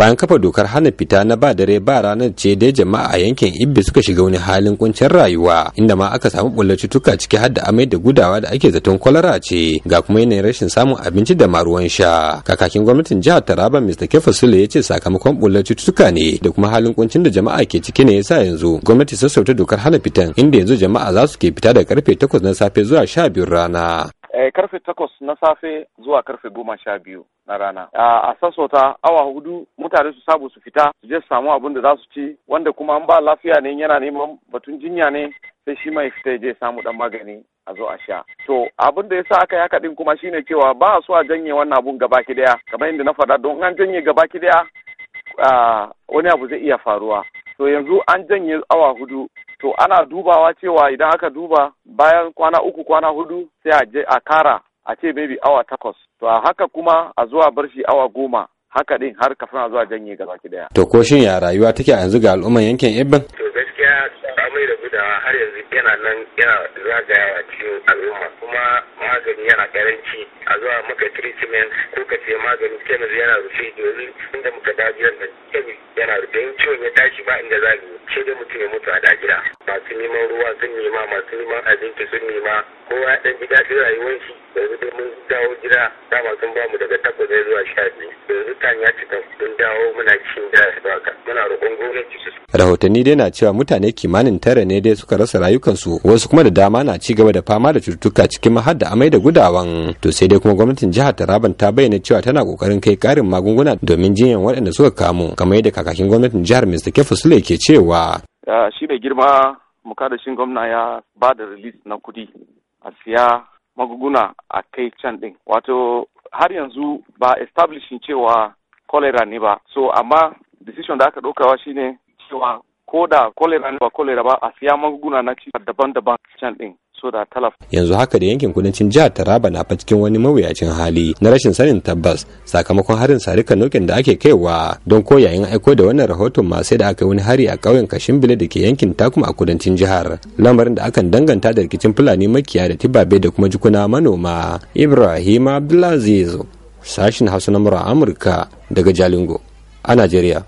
bayan kafa dokar hana fita na ba dare ba ranar ce dai jama'a a yankin ibbi suka shiga wani halin kuncin rayuwa inda ma aka samu bullar cutuka ciki har da amai da gudawa da ake zaton kwalara ce ga kuma yanayin rashin samun abinci da maruwan sha kakakin gwamnatin jihar taraba mr kefa sule ya ce sakamakon bullar cututtuka ne da kuma halin kuncin da jama'a ke ciki ne yasa yanzu gwamnati sassauta dokar hana fitan inda yanzu jama'a za su ke fita da karfe 8 na safe zuwa 12 rana Eh, karfe takwas na safe zuwa karfe goma sha biyu na rana a sassauta awa hudu mutane su sabu su fita su je su samu abin da za su ci wanda kuma an ba lafiya ne yana neman batun jinya ne sai shi mai fita je samu dan magani a zo a sha to abin da yasa aka yi haka din kuma shine cewa ba a so a janye wannan abun ki daya kamar yadda na faɗa don an janye ki daya wani abu zai iya faruwa to yanzu an janye awa hudu to ana dubawa cewa idan aka duba bayan kwana uku kwana hudu sai a je a kara a ce maybe awa takwas to a haka kuma a zuwa bar shi awa goma haka din har kafin a zuwa janye gaba ki daya to ko shin ya rayuwa take yanzu ga al'umman yankin Ibban to gaskiya amai da gudawa har yanzu yana nan yana zagayawa cikin al'umma kuma magani yana karanci a zuwa maka treatment ko ka ce magani kemis yana rufe domin inda muka dajiyar da kemis ana rufe ciwon ya tashi ba inda za mu ce dai mutum ya mutu a da gida masu neman ruwa sun nema masu neman abinci sun nema kowa ya ɗan gida daɗin rayuwar shi yanzu dai mun dawo gida dama sun bamu daga takwas zuwa sha biyu yanzu kan ya cika sun dawo muna cikin su haka muna roƙon gwamnati su. rahotanni dai na cewa mutane kimanin tara ne dai suka rasa rayukansu wasu kuma da dama na ci gaba da fama da cututtuka cikin mahad da amai da gudawan to sai dai kuma gwamnatin jihar taraban ta bayyana cewa tana kokarin kai karin magunguna domin jinyar waɗanda suka kamu kamar yadda kakakin gwamnatin jihar mr kefa sule ke cewa shi mai girma mukaddashin gwamna ya ba da release na kudi a siya magunguna a kai can din wato har yanzu ba establishin cewa cholera ne ba so amma decision da aka ɗaukawa shine cewa ko da cholera ne ba cholera ba a siya magunguna na ci daban-daban can din soda Talaf. Yanzu haka da yankin kudancin jihar Taraba na fa cikin wani mawuyacin hali na rashin sanin tabbas sakamakon harin sarika nokin da ake kaiwa don ko yayin aiko da wannan rahoton ma sai da aka wani hari a ƙauyen Kashimbile da ke yankin Takuma a kudancin jihar. Lamarin da akan danganta da rikicin Fulani makiya da Tibabe da kuma jikuna manoma. Ibrahim Abdulaziz sashin Hausa na Amurka daga Jalingo a Najeriya.